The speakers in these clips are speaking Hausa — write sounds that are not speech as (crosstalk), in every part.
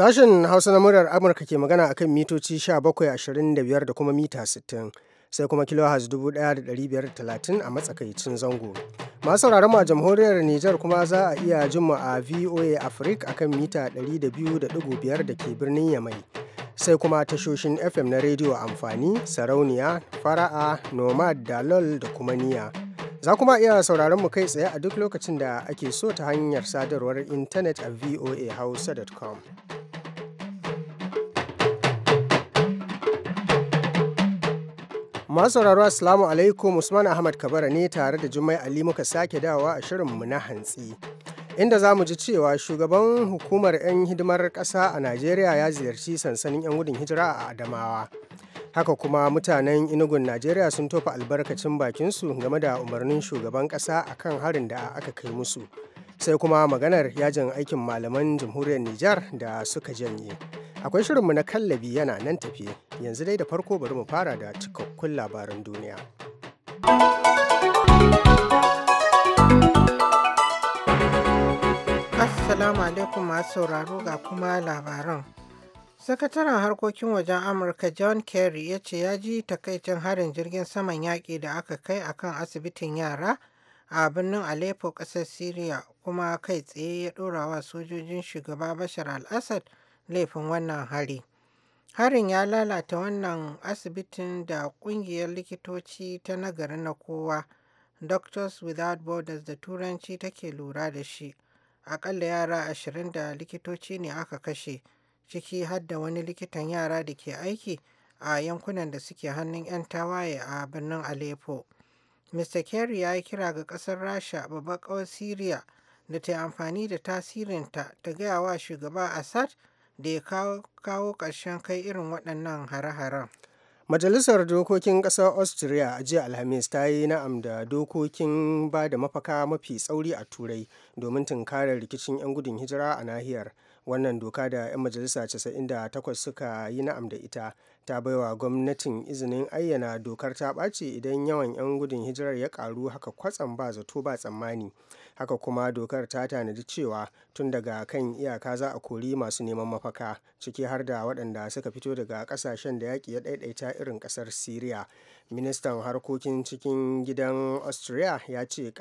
Sashen Hausa na murar Amurka ke magana a kan mitoci 1725 da kuma mita 60 sai kuma kilohaz 1530 a matsakaicin zango. Masu mu a jamhuriyar Nijar kuma za a iya jin mu a VOA Africa kan mita 200.5 da ke birnin Yamai. Sai kuma tashoshin FM na rediyo amfani, sarauniya, fara'a, nomad, dalol da kuma niya. Za kuma iya sauraron mu kai tsaye a duk lokacin da ake so ta hanyar sadarwar intanet a voahausa.com. Masu sauraro Assalamu alaikum Usman Ahmad Kabara ne tare da Jummai Ali muka sake dawa a shirin mu na hantsi. Inda za mu ji cewa shugaban hukumar 'yan hidimar ƙasa a Najeriya ya ziyarci sansanin 'yan gudun hijira a Adamawa. Haka kuma mutanen inugun Najeriya sun tofa albarkacin bakinsu game da umarnin shugaban ƙasa kan harin da aka kai musu. Sai kuma maganar yajin aikin malaman jamhuriyar Nijar da suka janye. Akwai shirinmu na kallabi yana nan tafiye, yanzu dai da farko bari mu fara da cikakkun labaran duniya. Assalamu alaikum masu sauraro ga kuma labaran. Sakataren harkokin wajen Amurka John Kerry ya ce ya ji takaicin harin jirgin saman yaƙi da aka kai a kan asibitin yara a birnin Aleppo ƙasar Syria kuma kai tsaye ya ɗora wa sojojin shugaba Bashar al-Assad laifin wannan hari. Harin ya lalata wannan asibitin da ƙungiyar likitoci ta nagari na kowa Doctors Without Borders da Turanci take lura da shi. Aƙalla yara ashirin da likitoci ne aka kashe, ciki har da wani likitan yara da ke aiki a yankunan da suke hannun 'yan tawaye a birnin Aleppo. Mr. Kerry ya yi kira ga ƙasar Rasha babbar ƙawar Siriya da ta yi amfani da tasirinta ta gaya wa shugaba Assad da ya kawo ƙarshen kai irin waɗannan hare-haren. Majalisar Dokokin Ƙasar Austria a jiya Alhamis ta yi na'am da dokokin ba da mafaka mafi tsauri a Turai domin tunkarar rikicin 'yan gudun hijira a nahiyar. Wannan doka da 'yan majalisa 98 suka yi na'am da ita ta baiwa gwamnatin izinin ayyana dokar ta ɓaci idan yawan 'yan gudun hijirar ya ƙaru haka kwatsam ba zato ba tsammani. haka kuma dokar ta tanadi cewa tun daga kan iyaka za a kori masu neman mafaka ciki har da waɗanda suka fito daga ƙasashen da yaƙi ya ɗaiɗaita irin ƙasar syria ministan harkokin cikin gidan austria ya ce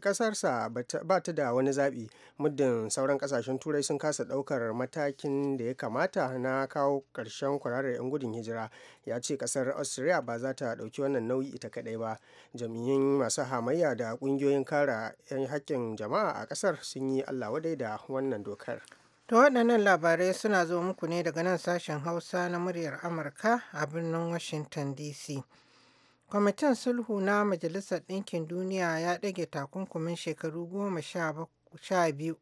kasarsa ba ta da wani zaɓi muddin sauran ƙasashen turai sun kasa ɗaukar matakin da ya kamata na kawo ƙarshen kwararar 'yan gudun hijira ya ce ƙasar austria ba za ta ɗauki wannan nauyi ita kaɗai ba jami'in masu hamayya da ƙungiyoyin kara 'yan haƙƙin jama'a a ƙasar sun yi allah wadai da wannan dokar To waɗannan labarai suna zo muku ne daga nan sashen Hausa na muryar Amurka a birnin Washington DC. Kwamitin Sulhu na Majalisar Ɗinkin Duniya ya ɗage takunkumin shekaru goma sha biyu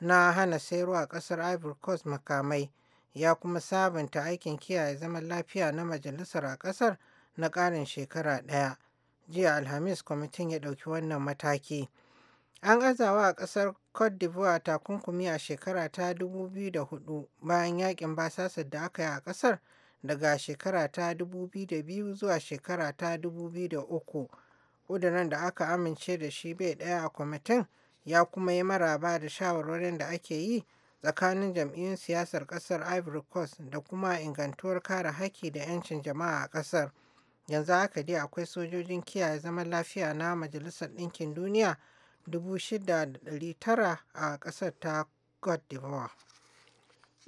na hana sayarwa ƙasar Ivory Coast makamai ya kuma sabunta aikin kiyaye zaman lafiya na majalisar a ƙasar na ƙarin shekara ɗaya. Jiya Alhamis kwamitin ya ɗauki wannan mataki. An azawa a ƙasar Cote d'Ivoire takunkumi a shekara ta 2004 bayan yakin basasar da aka yi a ƙasar daga shekara ta 2002 zuwa shekara ta 2003. Ƙudurin da aka amince da shi bai ɗaya a kwamitin ya kuma yi maraba da shawarwarin da ake yi tsakanin jam'iyyun siyasar ƙasar Ivory Coast da kuma ingantuwar kare haƙƙi da 'yancin jama'a a ƙasar. Yanzu haka dai akwai sojojin kiyaye zaman lafiya na Majalisar Ɗinkin Duniya 6,900 a ƙasar ta cote d'ivoire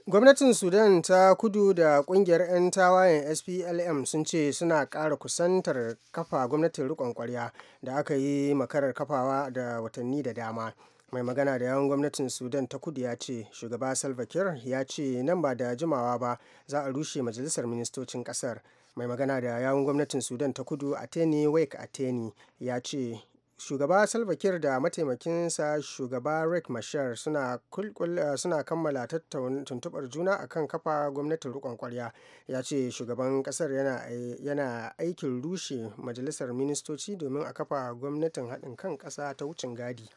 gwamnatin sudan ta kudu da kungiyar 'yan tawayen splm sun ce suna ƙara kusantar kafa gwamnatin rikon kwarya da aka yi makarar kafawa da watanni da dama mai magana da yawan gwamnatin sudan ta kudu ya ce shugaba salva kiir ya ce nan ba da jimawa ba za a rushe majalisar ministocin Ƙasar. mai magana da yawun gwamnatin sudan ta kudu ateni wake ateni ya ce shugaba salva kiir da mataimakinsa shugaba rick machar suna, eh, suna kammala tuntubar juna a kan kafa gwamnatin rikon kwarya ya ce shugaban kasar yana, aikin rushe majalisar ministoci domin a kafa gwamnatin haɗin kan ƙasa ta wucin gadi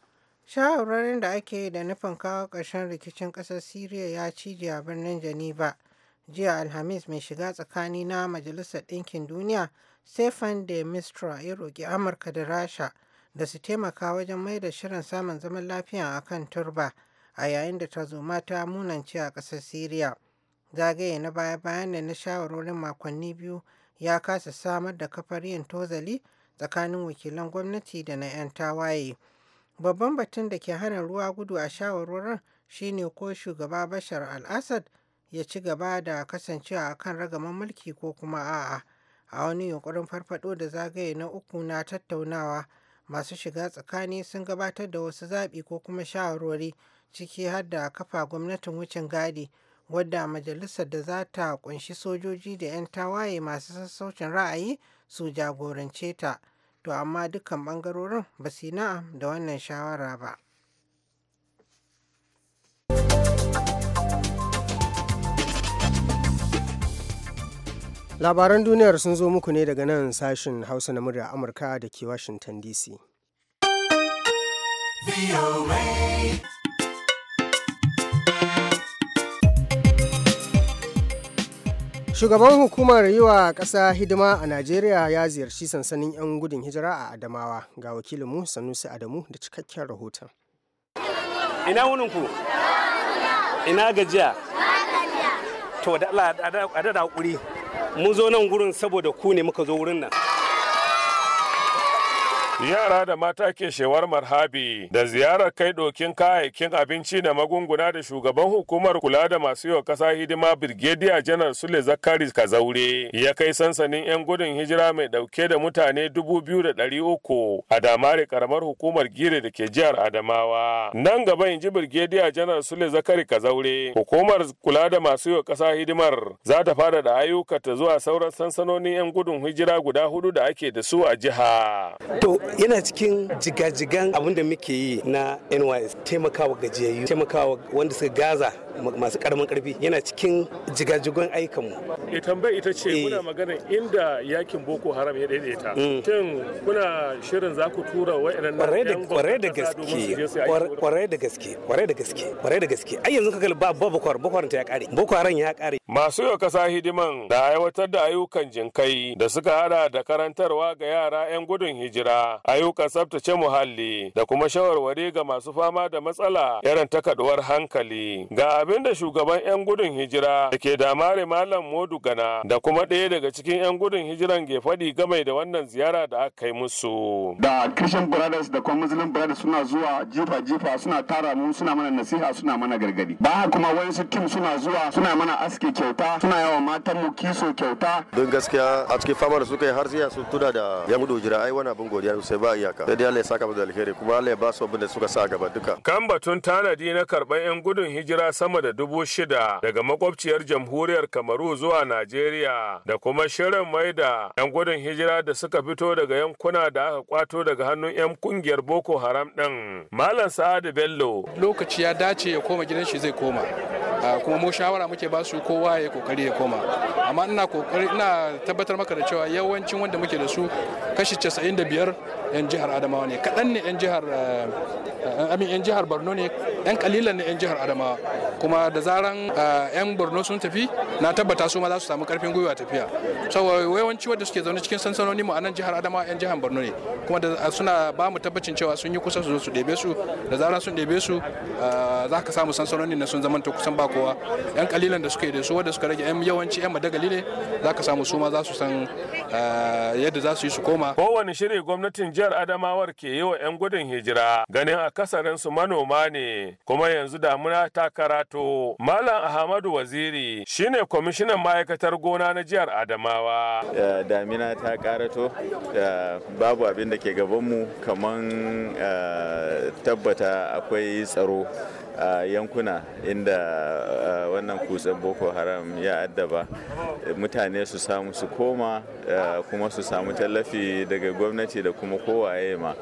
shawararin da ake da nufin kawo ƙarshen rikicin ƙasar syria ya cije a birnin geneva jiya alhamis mai shiga tsakani na majalisar ɗinkin duniya stephen de mistra ya roƙi amurka da rasha da su taimaka wajen mai da shirin samun zaman lafiya a kan turba a yayin da ta zo mata munance a ƙasar Siriya. Zagaye na baya-bayan da na shawarorin makonni biyu ya kasa samar da kafar yin tozali tsakanin wakilan gwamnati da na 'yan tawaye. Babban batun da ke hana ruwa gudu a shawarorin shine ko shugaba Bashar al-Assad ya ci gaba da kasancewa a kan ragaman mulki ko kuma a'a. A wani yunkurin farfado da zagaye na uku na tattaunawa masu shiga tsakani sun gabatar da wasu zaɓi ko kuma shawarwari ciki har da kafa gwamnatin wucin gadi wadda majalisar da za ta kunshi sojoji da 'yan tawaye masu sassaucin ra'ayi su jagorance ta to amma dukkan ɓangarorin ba su na'am da wannan shawara ba labaran duniyar sun zo muku ne daga nan sashen hausa na murya amurka da ke washington dc Shugaban hukumar yi wa ƙasa hidima a Najeriya ya ziyarci sansanin 'yan gudun hijira a Adamawa ga wakilinmu Sanusi Adamu da cikakken rahoton. Ina wuninku? Ina gajiya? To, da Allah a da haƙuri. mun zo nan gurin saboda ku ne muka zo wurin nan Yara da mata ke shewar marhabi da ziyarar kai dokin kayayyakin abinci da magunguna da shugaban hukumar kula da masu yau kasa hidima Birgediya Janar Sule Zakari Kazaure ya kai sansanin 'yan gudun hijira mai dauke da mutane dubu biyu da ɗari uku a damare karamar hukumar gire da ke jihar Adamawa. Nan gaba in ji Birgediya Janar Sule Zakari Kazaure hukumar kula da masu yau kasa hidimar za ta fara da ayyukata zuwa sauran sansanonin 'yan gudun hijira guda hudu da ake da su a jiha. yana cikin jigajigan abin da muke yi na nys taimakawa gajiyayyu taimakawa wanda suka gaza masu karamin karfi yana cikin jigajigon aikanmu e eh, tambaya ita ce eh. muna magana inda yakin boko haram ya daidaita mm. shin kuna shirin za ku tura wa'annan kwarai da gaske kwarai da gaske kwarai da gaske kwarai da gaske ai yanzu kaga ba bakwar bakwar ta ya kare boko haram ya kare masu yau kasa hidiman da aiwatar da ayyukan jinkai da suka hada da karantarwa ga yara yan gudun hijira ayyukan tsaftace muhalli da kuma shawarwari ga masu fama da matsala irin takaduwar hankali ga abin da shugaban 'yan gudun hijira da ke damare malam modu gana da kuma ɗaya daga cikin 'yan gudun hijiran ke faɗi game da wannan ziyara da aka kai musu da christian brothers da kuma muslim brothers suna zuwa jifa jifa suna tara mu suna mana nasiha suna mana gargadi ba kuma wayansu tim suna zuwa suna mana aske kyauta suna yawa matan mu kiso kyauta don gaskiya a cikin fama da suka yi har sai su tuna da yan gudun hijira ai wani abin godiya sosai ba iyaka sai dai Allah ya saka mu da alheri kuma Allah ya ba su abin da suka sa gaba duka kan batun tanadi na karban yan gudun hijira sama da dubu shida daga makwabciyar jamhuriyar Kamaru zuwa Najeriya da kuma shirin maida yan gudun hijira da suka fito daga yankuna da aka kwato daga hannun yan kungiyar Boko Haram din Malam Sa'adu Bello lokaci ya dace ya koma gidan shi zai koma ah, kuma mu shawara muke ba su kowa ya kokari ya koma amma ina kokari ina tabbatar maka da cewa yawancin wanda muke da su kashi 95 انجهر ادمانيه كدني انجهر آه، آه، امي انجهر برنونيك yan kalilan ne yan jihar adamawa kuma da zaran yan borno sun tafi na tabbata su ma za su samu karfin gwiwa tafiya saboda yawanci wadda suke zaune cikin sansanoni mu a nan jihar adamawa yan jihar borno ne kuma da suna ba mu tabbacin cewa sun yi kusa su zo su ɗebe su da zaran sun ɗebe su za ka samu sansanoni na sun zamanta kusan ba kowa yan kalilan da suke da su wadda suka rage yan yawanci yan madagali ne za ka samu su ma za su san yadda za su yi su koma kowane shiri gwamnatin jihar adamawar ke yi wa yan gudun hijira ganin kasarin su manoma ne kuma yanzu damuna ta karato. Malam Ahmadu Waziri shine kwamishinan ma'aikatar gona na jihar Adamawa. Damina ta karato babu abin da ke gabanmu kamar eh, tabbata akwai tsaro a yankuna inda eh, wannan kutsen boko haram ya addaba mutane su samu su koma eh, kuma su samu tallafi daga gwamnati da kuma kowaye ma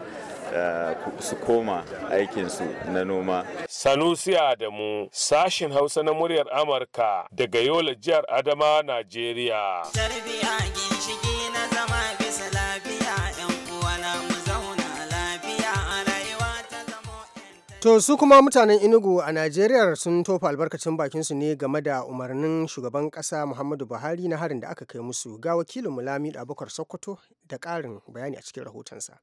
su koma aikinsu na noma. Sanusi Adamu sashin Hausa na muryar Amurka daga Yola jihar Adama, Najeriya. To su kuma mutanen Inugu a Najeriya sun tofa albarkacin bakinsu ne game da umarnin shugaban ƙasa Muhammadu Buhari na harin da aka kai musu ga wakilin Mulami Abubakar Sokoto da ƙarin bayani a cikin rahotonsa.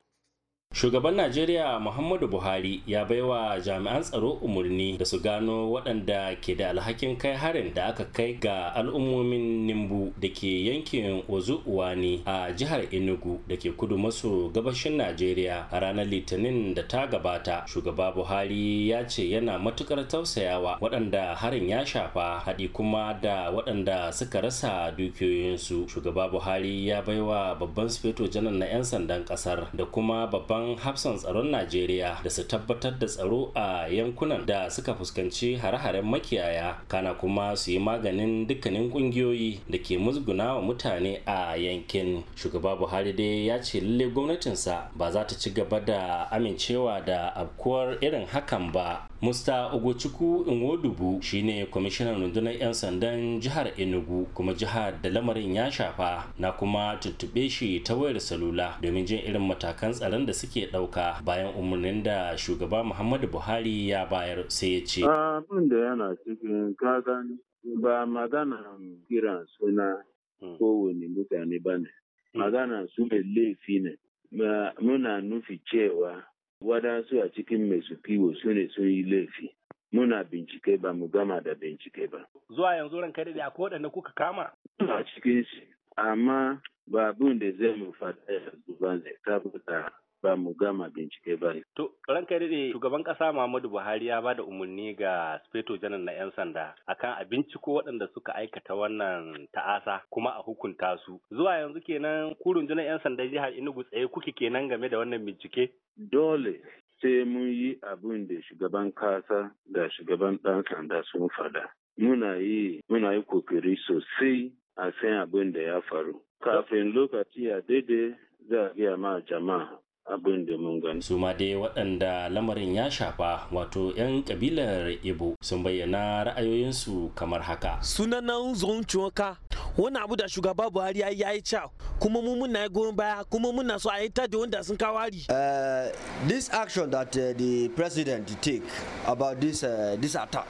Shugaban Najeriya Muhammadu Buhari ya baiwa jami'an tsaro umarni da su gano waɗanda ke da alhakin kai harin da aka kai ga al'ummomin Nimbu da ke yankin Ozu-Uwani a jihar Enugu da ke kudu maso gabashin Najeriya a ranar Litinin da ta gabata. Shugaba Buhari ya ce yana matukar tausayawa waɗanda harin ya shafa haɗi kuma da waɗanda suka rasa dukiyoyinsu. Shugaba Buhari ya baiwa babban sufeto janar na 'yan sandan ƙasar da kuma babban babban hafsan tsaron najeriya da su tabbatar da tsaro a yankunan da suka fuskanci hare-haren makiyaya kana kuma su yi maganin dukkanin kungiyoyi da ke musguna wa mutane a yankin shugaba buhari dai ya ce lalle gwamnatinsa ba za ta ci gaba da amincewa da abkuwar irin hakan ba musta ogochukwu inwodubu shine kwamishinan rundunar 'yan sandan jihar enugu kuma jihar da lamarin ya shafa na kuma tuntube shi ta wayar salula domin jin irin matakan tsaron da suke suke ɗauka bayan umarnin da shugaba Muhammadu Buhari ya bayar sai ya ce. Abin da yana cikin kagan ba magana kiran suna hmm. kowane mutane ba ne. Hmm. Magana su ne laifi ne. Muna nufi cewa wadansu a cikin mai su kiwo su ne sun yi laifi. Muna bincike ba mu gama da bincike ba. Zuwa yanzu ran kare da ko waɗanda kuka kama? A cikin shi. Amma ba da zai mu faɗa yanzu ba ne saboda ba mu gama bincike ba To, ranka daɗe, shugaban ƙasa Muhammadu Buhari ya ba da umarni ga Sufeto Janar na 'yan sanda akan a binciko waɗanda suka aikata wannan ta'asa kuma a hukunta su. Zuwa yanzu kenan kurun rundunar 'yan sanda jihar Enugu tsaye kuke kenan game da wannan bincike? Dole sai mun yi abin da shugaban kasa da shugaban ɗan sanda sun fada. Muna yi, muna yi kokari sosai a san abin da ya faru. Kafin lokaci ya daidai za a biya ma jama'a abin da mun gani. su ma dai waɗanda lamarin ya shafa wato 'yan kabilar ibo sun bayyana ra'ayoyinsu kamar haka sunanan zoncuwaka wani abu da shugaba buhari ya yi ca kuma mu muna goyon baya kuma muna so a yi ta da wanda sun kawari eh, this action that uh, the president take about this, uh, this attack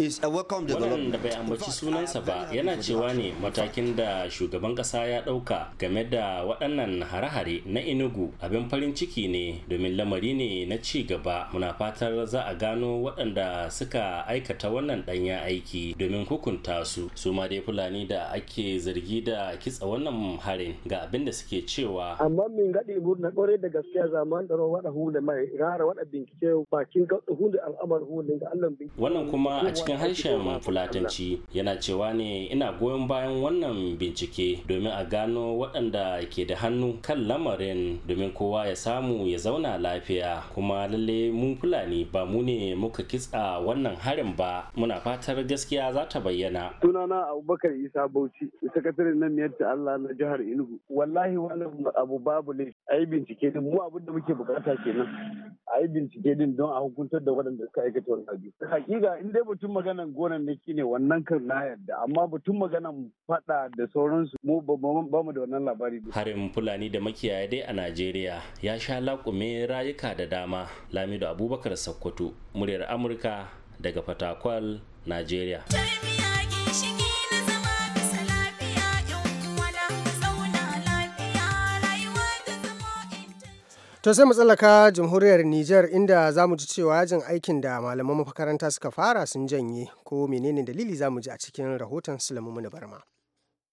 is a welcome development. da bai ambaci sunansa ba yana cewa ne matakin da shugaban kasa ya dauka game da waɗannan hare-hare na Enugu abin farin ciki ne domin lamari ne na ci gaba muna fatar za a gano waɗanda suka aikata wannan ɗanya aiki domin hukunta su su ma dai fulani da ake zargi da kitsa wannan harin ga abin da suke cewa amma min gaɗi murna ƙwarai da gaskiya zaman tsaro waɗa hunde mai rara waɗa bincike bakin hunde al'amar hunde ga Allah bincike wannan kuma a cikin cikin harshen fulatanci yana cewa ne ina goyon bayan wannan bincike domin a gano waɗanda ke da hannu kan lamarin domin kowa ya samu ya zauna lafiya kuma lalle mu fulani ba mu ne muka kitsa wannan harin ba muna fatar gaskiya za ta bayyana sunana abubakar isa bauchi sakataren nan ta allah na jihar enugu wallahi wannan abu babu ne a yi bincike din bukata kenan a yi don a hukuntar da waɗanda suka aikata wannan abu hakika in dai mutum maganan gonannaki ne wannan kan na yadda amma batun maganan fada da sauransu mu ba mu da wannan labari harin fulani da makiyaya dai a najeriya ya sha laƙume rayuka da dama lamido abubakar sakkwato muryar amurka daga fatakwal najeriya To sai mu tsallaka jamhuriyar Nijar inda za mu ji cewa yajin aikin da malaman makaranta suka fara sun janye ko menene dalili za mu ji a cikin rahoton Sulaiman Barma.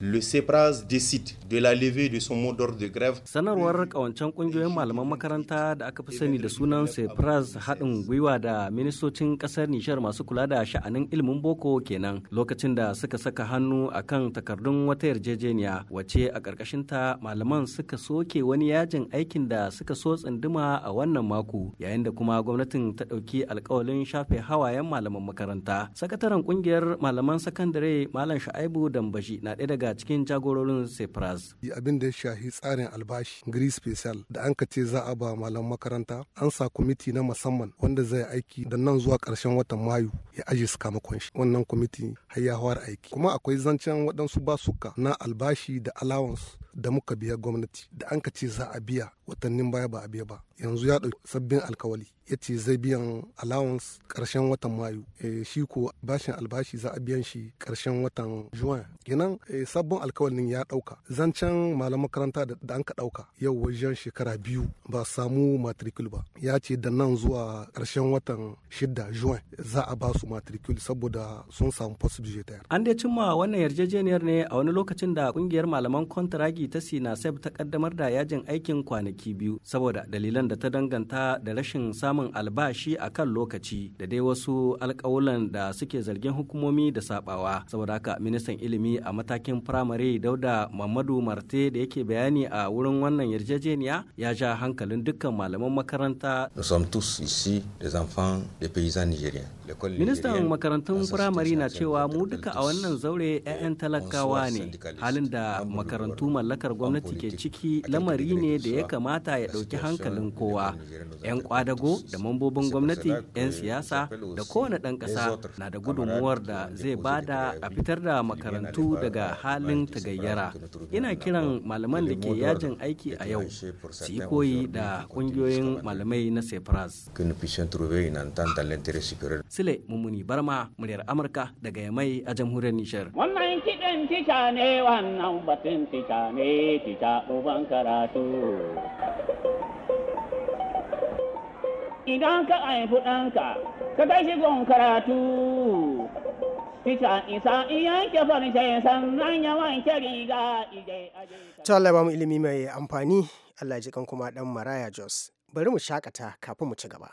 Le CEPRAS décide de la levée de son mot d'ordre de grève. Sanarwar kawancan kungiyoyin malaman makaranta da aka fi sani da sunan CEPRAS haɗin gwiwa da ministocin ƙasar Nishar masu kula da sha'anin ilimin boko kenan lokacin da suka saka hannu akan takardun wata yarjejeniya wace a ƙarƙashin ta malaman suka soke wani yajin aikin da suka so tsinduma a wannan mako yayin da kuma gwamnatin ta ɗauki alƙawalin shafe hawayen malaman makaranta. Sakataren kungiyar malaman sakandare Malam Sha'aibu Dambashi na ɗaya daga daga cikin jagororin Cyprus. Abin da ya shahi tsarin albashi Gris Special da an ka ce za a ba malam makaranta an sa kwamiti na musamman wanda zai aiki da nan zuwa karshen watan Mayu ya aje sakamakon shi. Wannan kwamiti har ya aiki. Kuma akwai zancen waɗansu basuka na albashi da allowance da muka biya gwamnati da an ka ce za a biya watannin baya ba a biya ba yanzu ya ɗauki sabbin alkawali ya ce zai biyan allowance ƙarshen watan mayu eh, shi ko bashin albashi za a biyan shi ƙarshen watan juin kenan eh, sabbin alkawalin ya ɗauka zancen malam makaranta da an ka ɗauka yau wajen shekara biyu ba samu matricule ba ya ce da nan zuwa ƙarshen watan shidda juin za a ba su matricule saboda sun samu post an dai cimma wannan yarjejeniyar ne a wani lokacin da kungiyar malaman kontragi gwamnati ta sinasef ta kaddamar da yajin aikin kwanaki biyu saboda dalilan da ta danganta da rashin samun albashi a kan lokaci da dai wasu alkawulan da suke zargin hukumomi da sabawa saboda haka ministan ilimi a matakin firamare dauda mamadu marte da yake bayani a wurin wannan yarjejeniya ya ja hankalin dukkan malaman makaranta ministan makarantun firamare na cewa mu duka a wannan zaure 'ya'yan talakawa ne halin da makarantu mallaka mallakar gwamnati ke ciki lamari ne da ya kamata ya ɗauki hankalin kowa 'yan kwadago da mambobin gwamnati 'yan siyasa da kowane ɗan ƙasa na da gudunmuwar da zai bada a fitar da makarantu daga halin tagayyara ina kiran malaman da ke yajin aiki a yau su yi koyi da ƙungiyoyin malamai na sefras sile mummuni barma muryar amurka daga yamai a jamhuriyar nishar wannan batun tica ne wannan batun tica ne tica karatu idan ka haifi ɗanka ka kai shi gon karatu Tica isa iya ke farce sannan ya wanke riga ije aje. Ta ilimi mai amfani Allah ji kan kuma ɗan Maraya Jos. Bari mu shakata kafin mu ci gaba.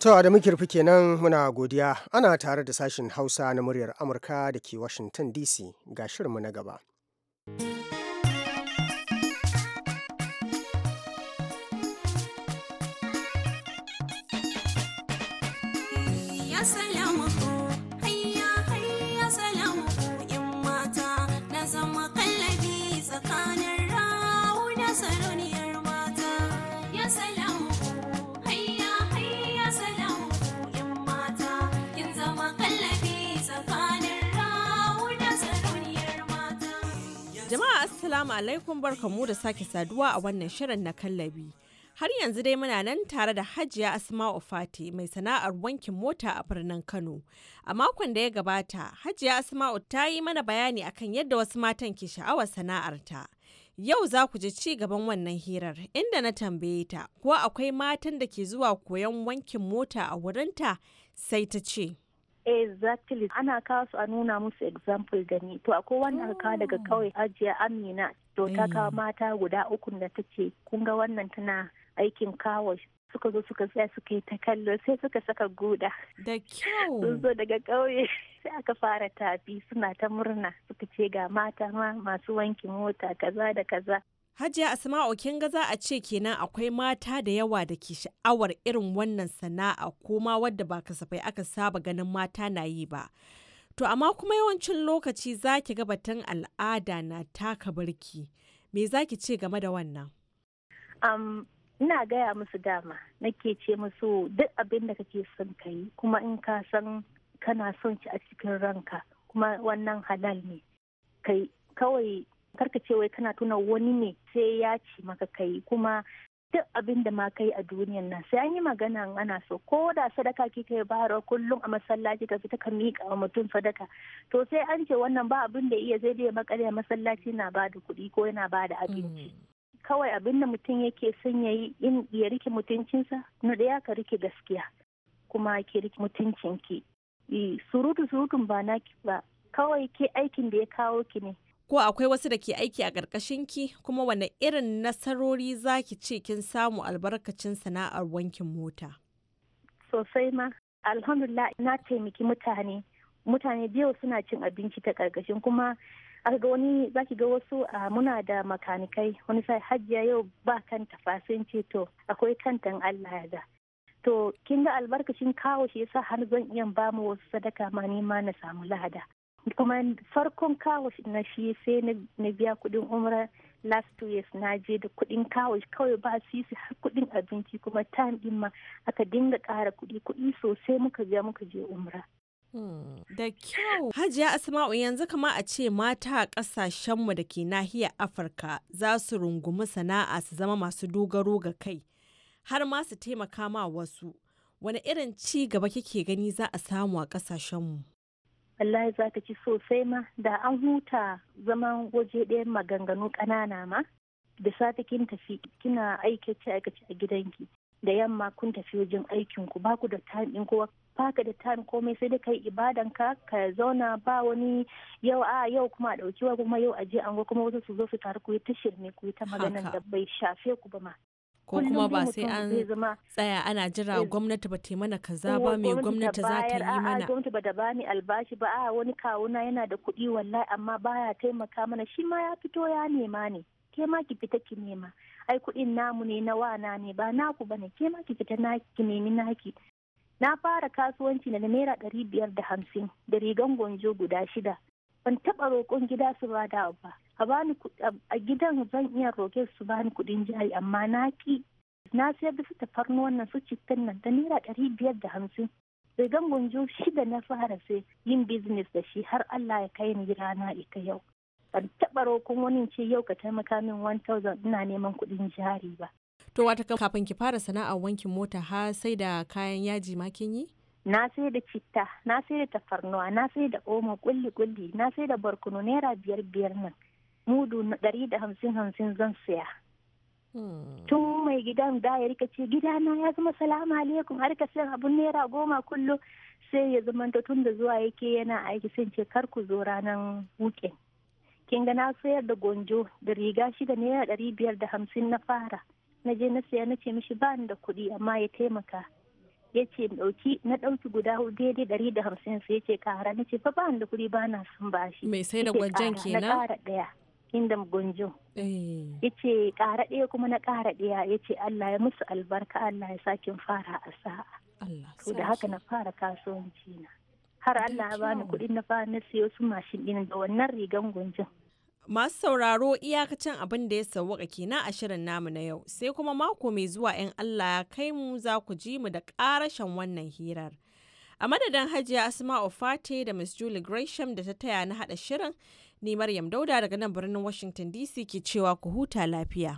To da muke kenan muna godiya ana tare da sashin Hausa na muryar Amurka da ke Washington DC ga shirinmu na gaba. Saloni Assalamu alaikum barkamu da sake saduwa a wannan shirin na kallabi. Har yanzu dai muna nan tare da Hajiya Asma'u Fati mai sana'ar wankin mota a birnin Kano. A makon da ya gabata, Hajiya Asma'u ta yi mana bayani akan yadda wasu matan ke sha'awar sana'arta. Yau za ku ji ci gaban wannan hirar inda na tambaye ta ko akwai matan da ke zuwa koyon wankin mota a wurinta sai ta ce. exactly ana kawo su a nuna musu example da to akwai wannan ka daga oh. kawai ajiya amina to ta eh. kawo mata guda uku da ta ce kun ga wannan tana aikin kawo suka zo suka tsaya suka yi ta kallo sai suka saka guda da kyau sun zo daga kauye (laughs) sai aka fara tafi suna ta murna suka ce ga mata ma masu wanki mota kaza da kaza Hajiya Asma'u kin ga za a ce kenan akwai mata da yawa da ke sha'awar irin wannan sana'a ko ma wadda ba kasafai aka saba ganin mata na yi ba. To amma kuma yawancin lokaci za ki ga batun al'ada na taka birki. Me za ki ce game da wannan? Um, ina gaya musu dama, nake ce musu duk abin da kake son ka yi kuma in ka san kana son shi a cikin ranka kuma wannan halal ne. Kai kawai karka ce wai kana tuna wani ne sai ya ci maka kai kuma duk abin da ma kai a duniyan nan sai an yi magana ana so ko da sadaka kika bara kullum a masallaci ka fita ka miƙa wa mutum sadaka to sai an ce wannan ba abin da iya zai da a masallaci na ba da kuɗi ko yana ba da abinci mm. kawai abin da mutum yake son ya yi ya rike mutuncinsa na da ya ka rike gaskiya kuma ke rike mutuncinki surutu surutun ba naki ba kawai ke aikin da ya kawo ki ne Ko akwai wasu da ke aiki a ki kuma wane irin nasarori za ki ce kin samu albarkacin sana'ar wankin mota? Sosai ma, alhamdulillah na taimaki mutane. Mutane biyu suna cin abinci ta ƙarƙashin kuma aka ga wani za ki ga wasu a muna da makanikai wani sai hajjiya yau ba kanta fasin ce to akwai kantan Allah ya da to kin ga albarkacin kawo shi yasa har zan iya ba mu wasu sadaka ma ni ma na samu lahada kuma farkon kawo na shi sai na biya kudin umra last two years na je da kudin kawo kawai ba su su har kudin abinci kuma time ɗin ma aka dinga kara kudi kudi sosai muka biya muka je umra. Hmm, da kyau. Hajiya Asma'u yanzu kama a ce mata a mu da ke nahiyar Afirka za su rungumi sana'a su zama masu dogaro ga kai, har ma su taimaka ma wasu. Wani irin ci gaba kike gani za a samu a mu wallahi za ka ci sosai ma da an huta zaman waje ɗaya maganganu ƙanana ma da sata kin tafi kina aikace aikace a gidanki da yamma kun tafi wajen aikin ku ba ku da time din kowa baka da time komai sai da kai ibadan ka ka zauna ba wani yau a yau kuma a wa kuma yau a je an kuma wasu su zo su taru ku yi ta shirme ku ta maganan da bai shafe ku ba ma ko kuma ba sai an tsaya ana jira eh, gwamnati ba mana kaza eh, ba mai gwamnati za ta yi mana gwamnati ba da bani albashi ba a wani kawuna yana da kuɗi wallahi amma baya taimaka mana shi ma ya fito ya nema ne ke ma ki fita ki nema ai kuɗin namu ne na wana ne ba naku ba ne ke ma ki fita na ki nemi naki na fara kasuwanci na naira ɗari biyar da hamsin da rigan gonjo guda shida ban taɓa roƙon gida su ba da ba a bani a gidan zan iya roke su bani kudin jari amma na ki na sayar da su tafarnuwan wannan su cikin nan da naira ɗari biyar da hamsin sai gangon jo shida na fara sai yin bizines da shi har Allah ya kai ni gida na ita yau ban taɓa rokon wani ce yau ka taimaka min 1000 ina neman kuɗin jari ba to wata kafin ki fara sana'ar wankin mota har sai da kayan yaji ma kin yi na sai da citta na sai da tafarnuwa na sai da omo kulli kulli na sai da barkono naira biyar biyar nan mudu na ɗari da hamsin hamsin zan siya hmm. tun mai gidan da ya rika ce gidana ya zama salamu alaikum har ka siyan abun naira goma kullum sai ya zama tun da zuwa yake yana aiki sai ce kar ku zo ranar wukin kin ga na sayar da gonjo da riga shida naira ɗari biyar da hamsin na fara na je na saya na ce mishi ba ni da kuɗi amma ya taimaka ya ce ɗauki na ɗauki guda daidai ɗari da hamsin sai ya ce ƙara na ce fa ba ni da kuɗi ba na son bashi mai sai da gwajen kenan na ƙara ɗaya inda gunjo eh. ya ce ƙara ɗaya kuma na ƙara ɗaya ya ce Allah ya musu albarka Allah ya sakin fara a sa'a to da haka na fara kasuwanci na har Allah ya bani kuɗin na fara na siyo su mashin ɗin da wannan rigan gunjin Masu sauraro iyakacin abin da ya sauwaka kenan a shirin namu na yau, sai kuma mako mai zuwa ‘yan Allah ya kai mu za ku ji mu da ƙarashen wannan hirar. A madadin Hajiya Asma'u Fate da Miss Julie Gresham da ta taya na haɗa shirin, Ni Maryam Dauda daga nan birnin Washington DC ke cewa ku huta lafiya.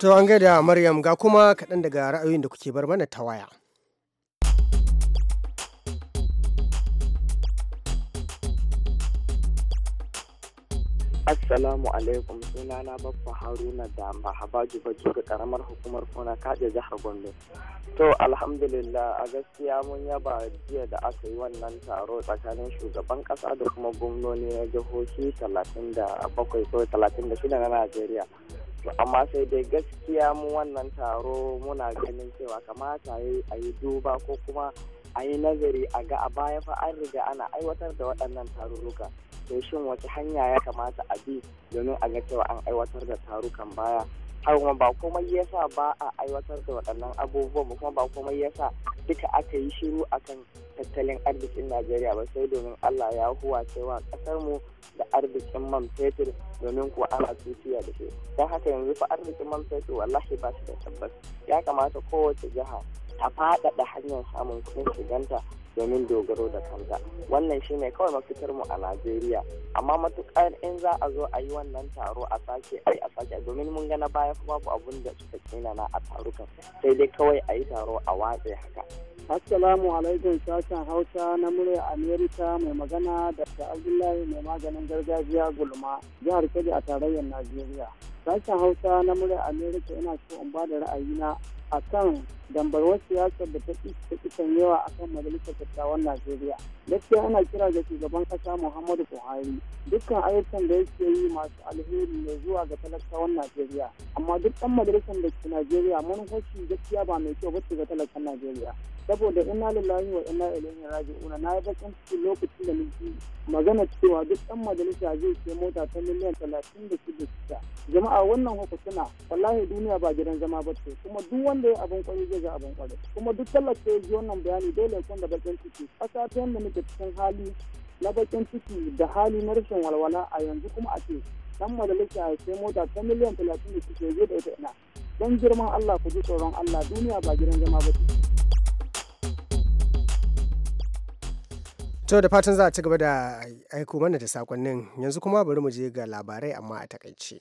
To an gaida Maryam ga kuma kaɗan daga ra'ayoyin da kuke bar mana ta waya. Assalamu alaikum suna sunana Baffa Haruna da Mahabaju Baju ga karamar hukumar Kona Kaje jihar Gombe. To alhamdulillah a gaskiya mun yaba jiya da aka yi wannan taro tsakanin shugaban kasa da kuma gwamnoni na jihohi 37 ko 36 na Najeriya. To amma sai dai gaskiya mu wannan taro muna ganin cewa kamata a yi duba ko kuma a yi nazari a ga a baya fa an riga ana aiwatar da waɗannan tarurruka. to shin wace hanya ya kamata a bi domin a ga cewa an aiwatar da tarukan baya har kuma ba komai yasa ba a aiwatar da waɗannan abubuwan ba kuma ba komai yasa duka aka yi shiru akan tattalin arzikin najeriya ba sai domin allah ya huwa cewa kasar mu da arzikin man fetur domin kuwa ana tutiya da shi don haka yanzu fa arzikin man fetur wallahi ba shi da tabbas ya kamata kowace jiha a faɗaɗa hanyar samun kuɗin shiganta domin dogaro da kanta wannan shine kawai mafitar mu a najeriya amma matukar in za a zo a yi wannan taro a sake ai a sake domin mun gana baya kuma babu abun da suka na a tarukan sai dai kawai a yi taro a watse haka assalamu alaikum sashen hausa na murya amerika mai magana da abdullahi mai maganin gargajiya gulma jihar kebbi a tarayyar najeriya sashen hausa na murya amerika ina so in ba da ra'ayi ra'ayina kan. dambarwar siyasar da ta ta kisan yawa kan majalisar dattawan najeriya gaskiya ana kira ga shugaban kasa muhammadu buhari dukkan ayyukan da yake yi masu alheri ne zuwa ga talakawan najeriya amma duk ɗan majalisar da ke najeriya manufarci gaskiya ba mai kyau bace ga talakan najeriya saboda ina lillahi wa ina raji una na yi bakin ciki lokacin da nake magana cewa duk ɗan majalisa zai ce mota ta miliyan talatin da shida shida jama'a wannan hukutuna wallahi duniya ba gidan zama ba ce kuma duk wanda ya abin kwari zai ga abin kwarai kuma duk talaka ji wannan bayani dole kun da bakin ciki a ta yadda muke cikin hali na bakin ciki da hali na rashin walwala a yanzu kuma a ce dan majalisa ya sai mota ta miliyan talatin da suke zai da ita ina don girman Allah ku ji tsoron Allah duniya ba gidan zama ba To da fatan za a ci gaba da aiko mana da sakonnin yanzu kuma bari mu je ga labarai amma a takaice.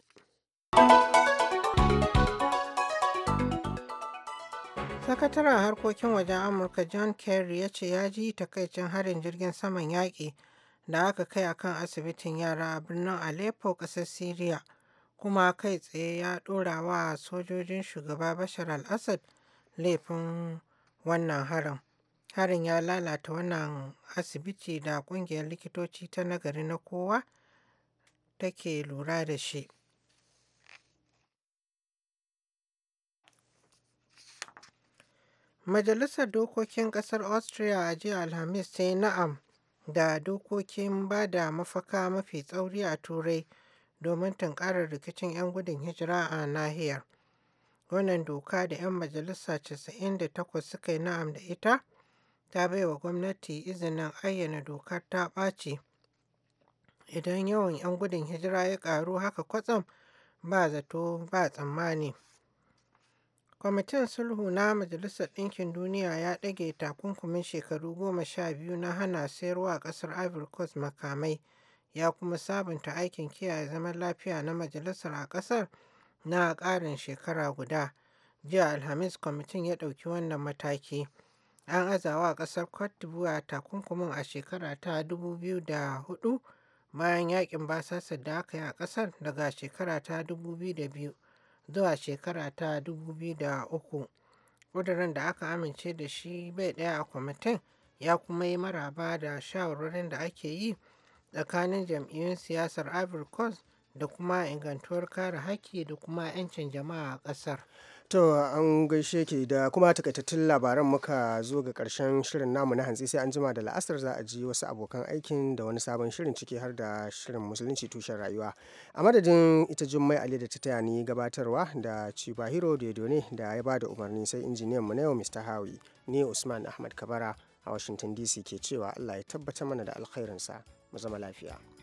sakataren harkokin wajen amurka john kerry ya ce ya ji takaicin harin jirgin saman yaƙi da aka kai a kan asibitin yara a birnin aleppo ƙasar syria kuma kai tsaye ya ɗora wa sojojin shugaba bashar al-assad laifin wannan harin harin ya lalata wannan asibiti da ƙungiyar likitoci ta nagari na kowa take lura da shi Majalisar Dokokin Ƙasar Austria a jiya Alhamis ta yi na'am da dokokin ba da mafaka mafi tsauri a Turai domin tunkarar rikicin 'yan gudun hijira a nahiyar. Wannan doka da 'yan majalisa 98 suka yi na'am da ita ta baiwa gwamnati izinin ayyana dokar ta ɓaci idan yawan 'yan gudun hijira ya ƙaru haka kwatsam ba zato ba tsammani. kwamitin sulhu na majalisar ɗinkin duniya ya ɗage takunkumin shekaru goma sha biyu na hana sayarwa a ƙasar ivory coast makamai ya kuma sabunta aikin kiyaye zaman lafiya na majalisar a ƙasar na ƙarin shekara guda jiya alhamis kwamitin ya ɗauki wannan mataki an azawa a ƙasar cote d'ivoire takunkumin a shekara ta 2004 bayan yakin basasar da aka yi a ƙasar daga shekara ta 2002 zuwa shekara ta 2003. Ƙudurin da aka amince da shi bai ɗaya a kwamitin ya kuma yi maraba da shawarwarin da ake yi tsakanin jam'iyyun siyasar Ivory Coast da kuma ingantuwar kare haƙƙi da kuma 'yancin jama'a a ƙasar. To an gaishe ke da kuma takaitattun labaran muka zo ga karshen shirin namu na hantsi sai an jima da la'asar za a ji wasu abokan aikin da wani sabon shirin ciki har da shirin musulunci tushen rayuwa. A madadin ita Jummai Ali da ta taya ni gabatarwa da dedo ne da ya bada umarni sai injiniyan mu na yau Mr. Hawi ni Usman Ahmad Kabara a Washington DC ke cewa Allah ya tabbata mana da alkhairinsa mu zama lafiya.